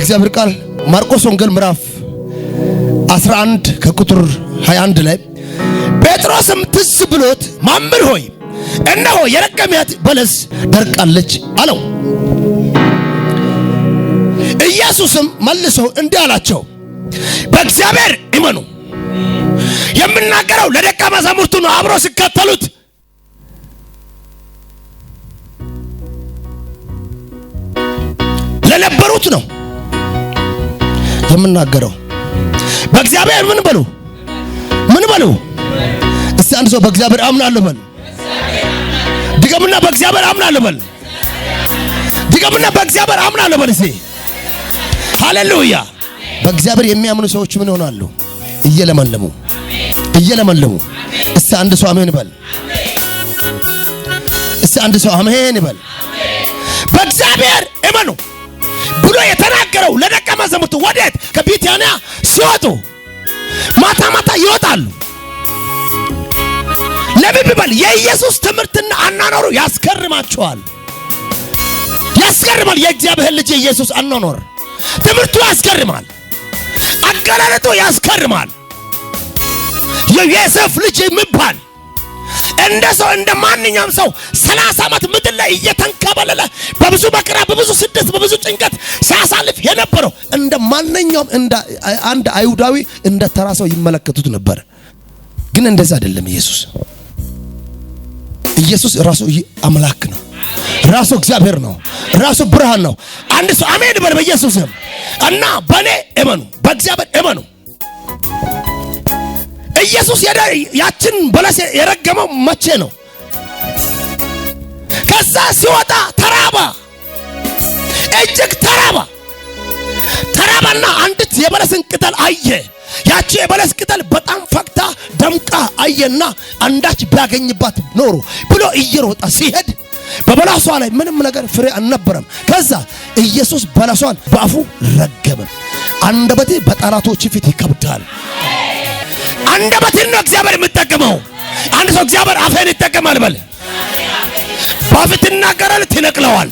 የእግዚአብሔር ቃል ማርቆስ ወንጌል ምዕራፍ 11 ከቁጥር 21 ላይ ጴጥሮስም ትዝ ብሎት መምህር ሆይ እነሆ የረገምያት በለስ ደርቃለች አለው። ኢየሱስም መልሶ እንዲህ አላቸው፣ በእግዚአብሔር እመኑ። የምናገረው ለደቀ መዛሙርቱ ነው፣ አብሮ ሲከተሉት ለነበሩት ነው። የምናገረው በእግዚአብሔር ምን በሉ ምን በሉ እስቲ አንድ ሰው በእግዚአብሔር አምናለሁ በል። ድገምና በእግዚአብሔር አምናለሁ በል። ድገምና በእግዚአብሔር አምናለሁ በል። እስቲ ሃሌሉያ። በእግዚአብሔር የሚያምኑ ሰዎች ምን ይሆናሉ? እየለመለሙ እየለመለሙ። እስቲ አንድ ሰው አሜን በል። እስቲ አንድ ሰው አሜን በል። በእግዚአብሔር እመኑ። የተናገረው ለደቀ መዛሙርቱ ወዴት? ከቢታንያ ሲወጡ ማታ ማታ ይወጣሉ። ለምን ቢባል የኢየሱስ ትምህርትና አናኖሩ ያስገርማቸዋል። ያስገርማል። የእግዚአብሔር ልጅ የኢየሱስ አናኖር ትምህርቱ ያስገርማል። አገላለጡ ያስገርማል። የዮሴፍ ልጅ የሚባል እንደ ሰው እንደ ማንኛውም ሰው ሰላሳ ዓመት ምድር ላይ እየተንከበለለ በብዙ መከራ፣ በብዙ ስደት፣ በብዙ ጭንቀት ሲያሳልፍ የነበረው እንደ ማንኛውም እንደ አንድ አይሁዳዊ እንደ ተራ ሰው ይመለከቱት ነበር። ግን እንደዛ አይደለም። ኢየሱስ ኢየሱስ ራሱ አምላክ ነው። ራሱ እግዚአብሔር ነው። ራሱ ብርሃን ነው። አንድ ሰው አሜን በል በኢየሱስ እና በእኔ እመኑ፣ በእግዚአብሔር እመኑ። ኢየሱስ ያችን በለስ የረገመው መቼ ነው? ከዛ ሲወጣ ተራባ፣ እጅግ ተራባ። ተራባና አንዲት የበለስን ቅጠል አየ። ያቺ የበለስ ቅጠል በጣም ፈግታ ደምቃ አየና አንዳች ቢያገኝባት ኖሮ ብሎ እየሮጠ ሲሄድ በበለሷ ላይ ምንም ነገር ፍሬ አልነበረም። ከዛ ኢየሱስ በለሷን በአፉ ረገመ። አንደበቴ በጠላቶች ፊት ይከብዳል። አንደበትን ነው እግዚአብሔር የምጠቀመው። አንድ ሰው እግዚአብሔር አፍህን ይጠቀማል በል። በአፍህ ትናገራለህ፣ ትነቅለዋል።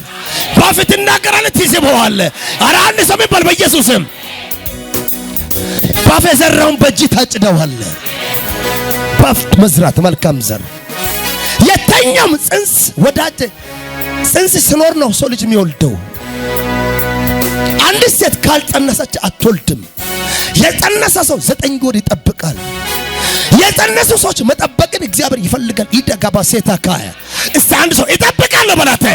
በአፍህ ትናገራለህ፣ ትስበዋል። ኧረ አንድ ሰው ይባል በኢየሱስም ባፍህ የዘራውን በእጅ ታጭደዋል። ባፍ መዝራት መልካም ዘር የተኛም ጽንስ ወዳጅ ጽንስ ስኖር ነው ሰው ልጅ የሚወልደው። አንድ ሴት ካልጸነሰች አትወልድም። የጸነሰ ሰው ዘጠኝ ወር ይጠብቃል። የጸነሱ ሰዎች መጠበቅን እግዚአብሔር ይፈልጋል። ይደጋባ ሴታ ካያ እስቲ አንድ ሰው ይጠብቃል በላተ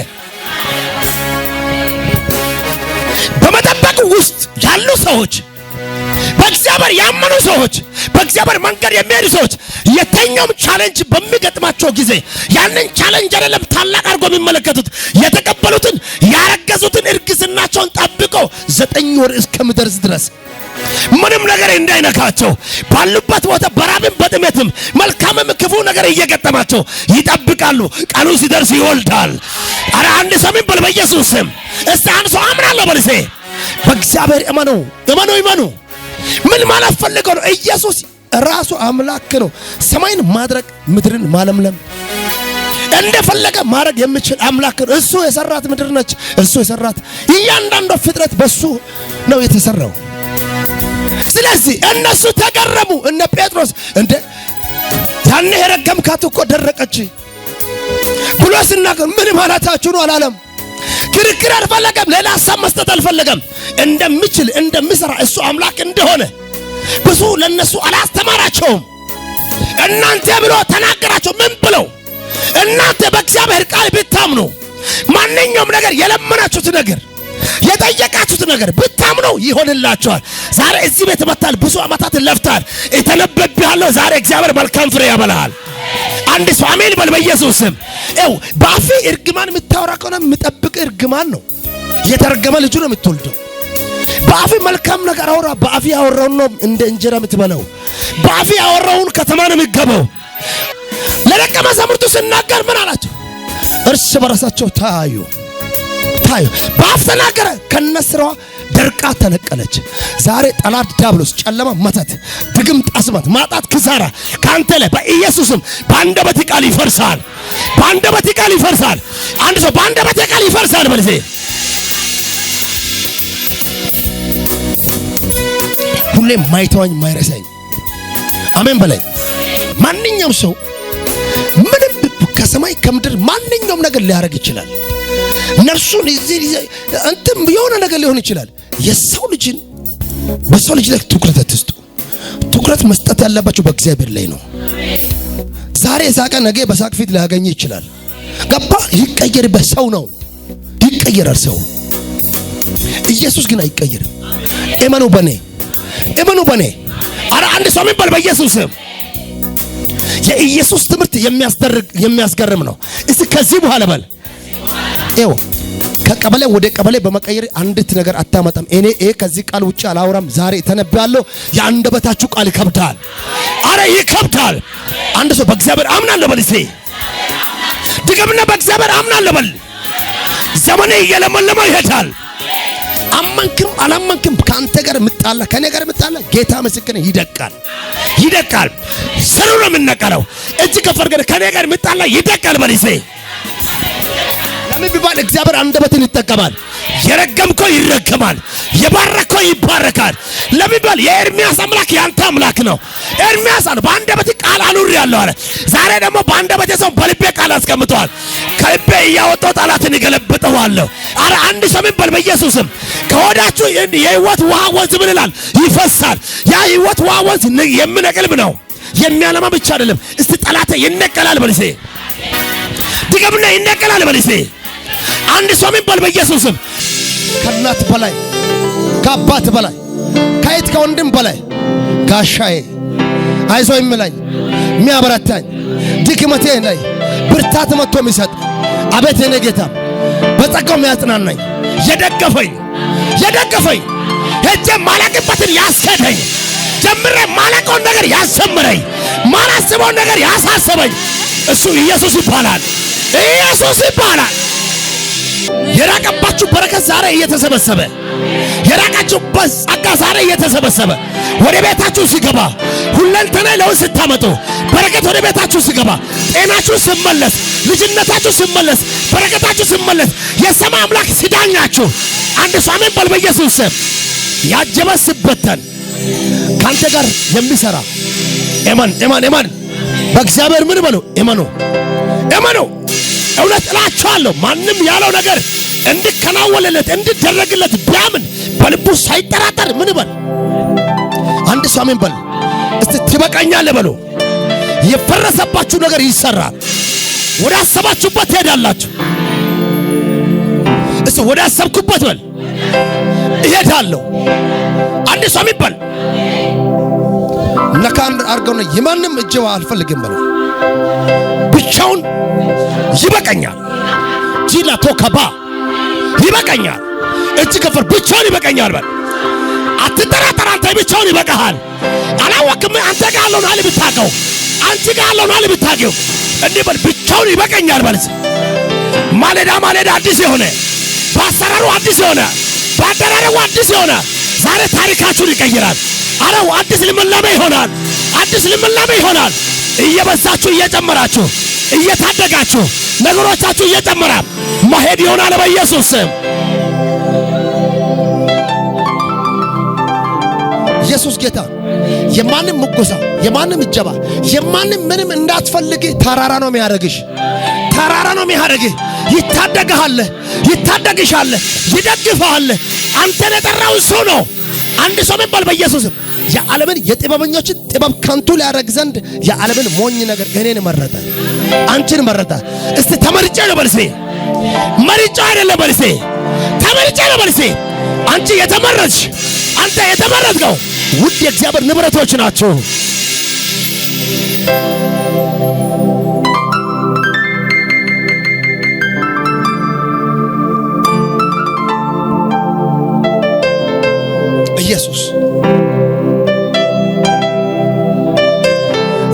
በመጠበቅ ውስጥ ያሉ ሰዎች በእግዚአብሔር ያመኑ ሰዎች በእግዚአብሔር መንገድ የሚሄዱ ሰዎች የተኛውም ቻሌንጅ በሚገጥማቸው ጊዜ ያንን ቻሌንጅ አይደለም ታላቅ አድርጎ የሚመለከቱት የተቀበሉትን ያረገዙትን እርግዝናቸውን ጠብ ዘጠኝ ወር እስከምደርስ ድረስ ምንም ነገር እንዳይነካቸው ባሉበት ቦታ በራብም በጥሜትም መልካምም ክፉ ነገር እየገጠማቸው ይጠብቃሉ። ቀኑ ሲደርስ ይወልዳል። አረ አንድ ሰሚን በል በኢየሱስ ስም። እስቲ አንድ ሰው አምናለሁ በልሴ በእግዚአብሔር እመኑ፣ እመኑ፣ እመኑ። ምን ማለት ፈልገው ነው? ኢየሱስ ራሱ አምላክ ነው። ሰማይን ማድረግ ምድርን ማለምለም እንደፈለገ ማድረግ የምችል አምላክ እሱ የሰራት ምድር ነች። እሱ የሰራት እያንዳንዱ ፍጥረት በሱ ነው የተሰራው። ስለዚህ እነሱ ተገረሙ። እነ ጴጥሮስ እንደ ያኔ የረገምካት እኮ ደረቀች ብሎ ሲናገር ምን ማለታችሁ ነው አላለም። ክርክር አልፈለገም። ሌላ ሀሳብ መስጠት አልፈለገም። እንደሚችል እንደሚሰራ እሱ አምላክ እንደሆነ ብዙ ለነሱ አላስተማራቸውም። እናንተ ብሎ ተናገራቸው። ምን ብለው እናንተ በእግዚአብሔር ቃል ብታምኑ ማንኛውም ነገር የለመናችሁት ነገር የጠየቃችሁት ነገር ብታምኑ ይሆንላችኋል። ዛሬ እዚህ ቤት መታል፣ ብዙ ዓመታት ለፍታል፣ የተነበብሃለሁ። ዛሬ እግዚአብሔር መልካም ፍሬ ያበላሃል። አንድ ሰው አሜን በል። በኢየሱስ ስም ው በአፌ እርግማን የምታወራ ከሆነ የምጠብቅ እርግማን ነው። የተረገመ ልጁ ነው የምትወልደው። በአፌ መልካም ነገር አውራ በአፌ ያወራውን ነው እንደ እንጀራ የምትበለው። በአፌ ያወራውን ከተማ ነው የሚገባው። ለደቀ መዛሙርቱ ስናገር ምን አላቸው? እርስ በራሳቸው ታዩ ታዩ። በአፍ ተናገረ፣ ከነስራዋ ደርቃ ተነቀለች። ዛሬ ጠላት ዲያብሎስ፣ ጨለማ፣ መተት፣ ድግም፣ አስማት፣ ማጣት፣ ክሳራ ካንተ ላይ በኢየሱስም በአንደበት ቃል ይፈርሳል። በአንደበት ቃል ይፈርሳል። አንድ ሰው በአንደበት ቃል ይፈርሳል። በልዜ ሁሌም ማይተዋኝ ማይረሳኝ አሜን በለኝ ማንኛውም ሰው ምንም ከሰማይ ከምድር ማንኛውም ነገር ሊያደርግ ይችላል። ነፍሱን እንትን የሆነ ነገር ሊሆን ይችላል። የሰው ልጅን በሰው ልጅ ላይ ትኩረት አትስጡ። ትኩረት መስጠት ያለባቸው በእግዚአብሔር ላይ ነው። ዛሬ የሳቀ ነገ በሳቅ ፊት ሊያገኝ ይችላል። ገባ ይቀየር። በሰው ነው ይቀየራል። ሰው ኢየሱስ ግን አይቀየርም። እመኑ በኔ እመኑ በኔ። ኧረ አንድ ሰው የሚባል በል የኢየሱስ ትምህርት የሚያስገርም ነው። እስኪ ከዚህ በኋላ በል ይኸው ከቀበሌ ወደ ቀበሌ በመቀየር አንዲት ነገር አታመጣም። እኔ ይሄ ከዚህ ቃል ውጭ አላውራም። ዛሬ ተነብያለሁ። የአንደበታችሁ ቃል ይከብዳል። አረ ይከብዳል። አንድ ሰው በእግዚአብሔር አምናለሁ በል። እስኪ ድገምና በእግዚአብሔር አምናለሁ በል። ዘመኔ እየለመለመ ይሄዳል። አመንክም አላመንክም ከአንተ ጋር ምጣላ ከኔ ጋር ምጣላ ጌታ ምስክር ይደቃል፣ ይደቃል። ስሩ ነው የምነቀለው። እጅ ከፈርገደ ከኔ ጋር ምጣላ ይደቃል በሊሴ ለምን ቢባል እግዚአብሔር አንደበትን ይጠቀማል። የረገምኮ ይረገማል፣ የባረኮ ይባረካል። ለምን ቢባል የኤርሚያስ አምላክ ያንተ አምላክ ነው። ኤርሚያስ አለ በአንደበት ቃል አኑር ያለው አለ። ዛሬ ደግሞ በአንደበት ሰው በልቤ ቃል አስቀምጠዋል። ከልቤ እያወጣው ጠላትን ይገለብጠዋለሁ። አረ አንድ ሰው ምን በል በኢየሱስም ከወዳችሁ የህይወት ውሃ ወንዝ ምን ይላል? ይፈሳል። ያ ህይወት ውሃ ወንዝ የምነቅልም ነው የሚያለማ ብቻ አይደለም። እስቲ ጠላተ ይነቀላል በልሴ ድገምና ይነቀላል በልሴ አንድ ሰው የሚባል በኢየሱስም ከእናት በላይ ከአባት በላይ ከየት ከወንድም በላይ ጋሻዬ አይዞ የሚለኝ የሚያበረታኝ ድክመቴ ላይ ብርታት መጥቶ የሚሰጥ አቤት የኔ ጌታ በጸጋው የሚያጽናናኝ የደገፈኝ የደገፈኝ ሄጄ ማላቅበትን ያስሄደኝ ጀምሬ ማላቀውን ነገር ያሰምረኝ ማላስበውን ነገር ያሳሰበኝ እሱ ኢየሱስ ይባላል። ኢየሱስ ይባላል። የራቀባችሁ በረከት ዛሬ እየተሰበሰበ የራቃችሁበት ጸጋ ዛሬ እየተሰበሰበ ወደ ቤታችሁ ሲገባ ሁለንተና ለውጥ ስታመጡ በረከት ወደ ቤታችሁ ሲገባ ጤናችሁ ሲመለስ፣ ልጅነታችሁ ሲመለስ፣ በረከታችሁ ሲመለስ የሰማይ አምላክ ሲዳኛችሁ አንድ ሰው በል። በኢየሱስ ስም ያጀበ ሲበተን ካንተ ጋር የሚሰራ እመን እመን እመን በእግዚአብሔር ምን በሉ እመኑ እመኑ እውነት እላችኋለሁ ማንም ያለው ነገር እንዲከናወንለት እንድደረግለት ቢያምን በልቡ ሳይጠራጠር ምን በል አንድ ሰው አሜን በል እስቲ ትበቃኛለህ በሉ። የፈረሰባችሁ ነገር ይሰራል። ወደ አሰባችሁበት ትሄዳላችሁ። እስቲ ወደ አሰብኩበት በል እሄዳለሁ። አንድ ሰው አሜን በል ነካም አድርገው የማንም እጅ አልፈልግም በሉ ብቻውን ይበቀኛል። ጂላ ቶከባ ይበቀኛል። እጅ ከፈር ብቻውን ይበቀኛል። በል አትጠራጠር፣ አንተ ብቻውን ይበቃሃል። አላወቅም አንተ ጋር ያለውን አለ ብታቀው አንቺ ጋር ያለውን አለ ብታቀው እንዲህ በል ብቻውን ይበቀኛል። በል ማለዳ ማለዳ አዲስ የሆነ በአሰራሩ አዲስ የሆነ በአደራረቡ አዲስ የሆነ ዛሬ ታሪካችሁን ይቀይራል። አረው አዲስ ልምላሜ ይሆናል። አዲስ ልምላሜ ይሆናል። እየበዛችሁ እየጨመራችሁ እየታደጋችሁ ነገሮቻችሁ እየጨመረ መሄድ ይሆናል በኢየሱስ ስም። ኢየሱስ ጌታ። የማንም ምጎሳ፣ የማንም እጀባ፣ የማንም ምንም እንዳትፈልግ ተራራ ነው የሚያደርግሽ። ተራራ ነው የሚያደርግህ። ይታደግሃለህ፣ ይታደግሻለህ፣ ይደግፈሃለህ። አንተን የጠራውን ሰው ነው አንድ ሰው የሚባል በኢየሱስም የዓለምን የጥበበኞችን ጥበብ ከንቱ ሊያደርግ ዘንድ የዓለምን ሞኝ ነገር እኔን መረጠ፣ አንቺን መረጠ። እስቲ ተመርጬ ነው በልሴ፣ መርጬ አይደለም በልሴ፣ ተመርጬ ነው በልሴ። አንቺ የተመረጥሽ፣ አንተ የተመረጥከው ውድ የእግዚአብሔር ንብረቶች ናቸው።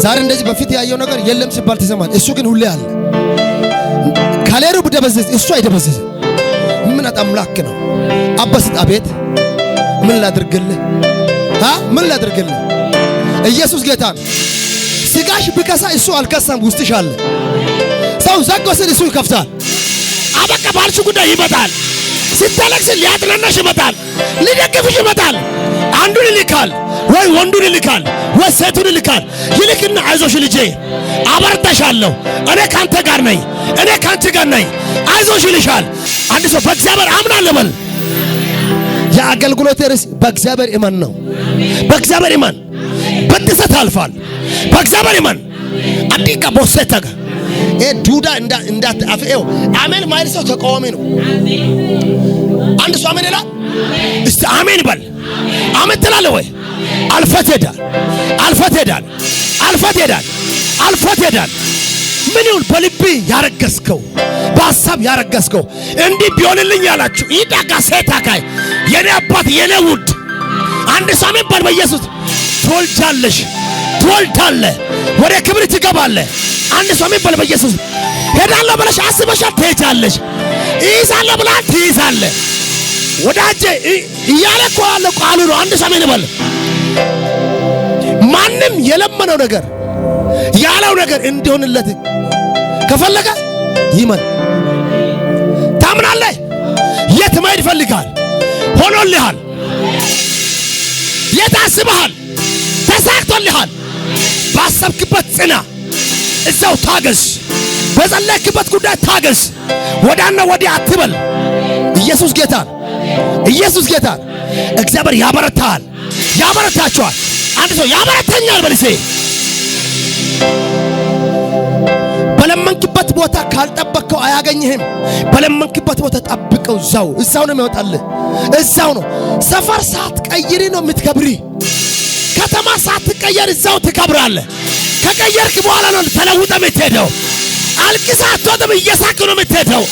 ዛሬ እንደዚህ በፊት ያየው ነገር የለም ሲባል ትሰማል። እሱ ግን ሁሌ አለ። ከሌሩ ብደበዝዝ እሱ አይደበዘዝ ምን አምላክ ነው? አበስጥ ቤት ምን ላድርግልህ? ምን ላድርግልህ? ኢየሱስ ጌታ ነው። ስጋሽ ብከሳ እሱ አልከሳም። ውስጥሽ አለ። ሰው ዘጎ ስል እሱ ይከፍታል። አበቃ ባልሽ ጉዳይ ይመጣል። ሲታለቅስ ሊያጥናናሽ ይመጣል። ሊደግፍሽ ይመጣል። አንዱን ይልካል ወይ ወንዱን ይልካል። ወሰቱን ይልካል። ይልክና አይዞሽ ልጄ አበርታሻለሁ፣ እኔ ካንተ ጋር ነኝ፣ እኔ ካንቺ ጋር ነኝ፣ አይዞሽ ይልሻል። አንድ ሰው በእግዚአብሔር አምናለሁ በል። የአገልግሎት ርዕስ በእግዚአብሔር እመን ነው። በእግዚአብሔር እመን በጥሰት አልፋል። በእግዚአብሔር እመን አዲጋ ቦሰታ ጋር ዱዳ እንዳ እንዳ አፍኤው አሜን ማይል ሰው ተቃዋሚ ነው። አንድ ሰው አሜን ይላል። እስቲ አሜን በል። አሜን ትላለህ ወይ? አልፈት ሄዳል፣ አልፈት ሄዳል፣ አልፈት ሄዳል፣ አልፈት ሄዳል። ምን ይሁን በልብ ያረገዝከው በሀሳብ ያረገዝከው እንዲህ ቢሆንልኝ ያላችሁ ይጣጋ ሴት አካይ የኔ አባት የኔ ውድ አንድ ሰው ባል በኢየሱስ ትወልጃለሽ፣ ትወልዳለ፣ ወደ ክብር ትገባለ። አንድ ሰው የሚባል በኢየሱስ ሄዳለሁ ብለሽ አስበሻል፣ ትሄጃለሽ። ይይዛለሁ ብላ ትይዛለ። ወዳጄ እያለ እኮ ያለ ቃሉ ነው። አንድ ሰው የሚባል ማንም የለመነው ነገር ያለው ነገር እንዲሆንለት ከፈለገ ይመን። ታምናለህ? የት መሄድ ይፈልጋል? ሆኖልሃል። የት አስበሃል? ተሳክቶልሃል። ባሰብክበት ጽና፣ እዛው ታገስ። በጸለይክበት ጉዳይ ታገስ። ወዳና ወዲያ አትበል። ኢየሱስ ጌታ፣ ኢየሱስ ጌታ። እግዚአብሔር ያበረታል፣ ያበረታቸዋል። አንድ ሰው ያበረተኛል በልሴ በለመንክበት ቦታ ካልጠበቅከው አያገኝህም። በለመንክበት ቦታ ጠብቀው። እዛው እዛው ነው የሚወጣልህ። እዛው ነው ሰፈር ሳትቀይሪ ነው የምትከብሪ። ከተማ ሳትቀየር እዛው ትከብራለህ። ከቀየርክ በኋላ ነው ተለውጠ የምትሄደው። አልቅሳ አትወጥም። እየሳቅ ነው የምትሄደው።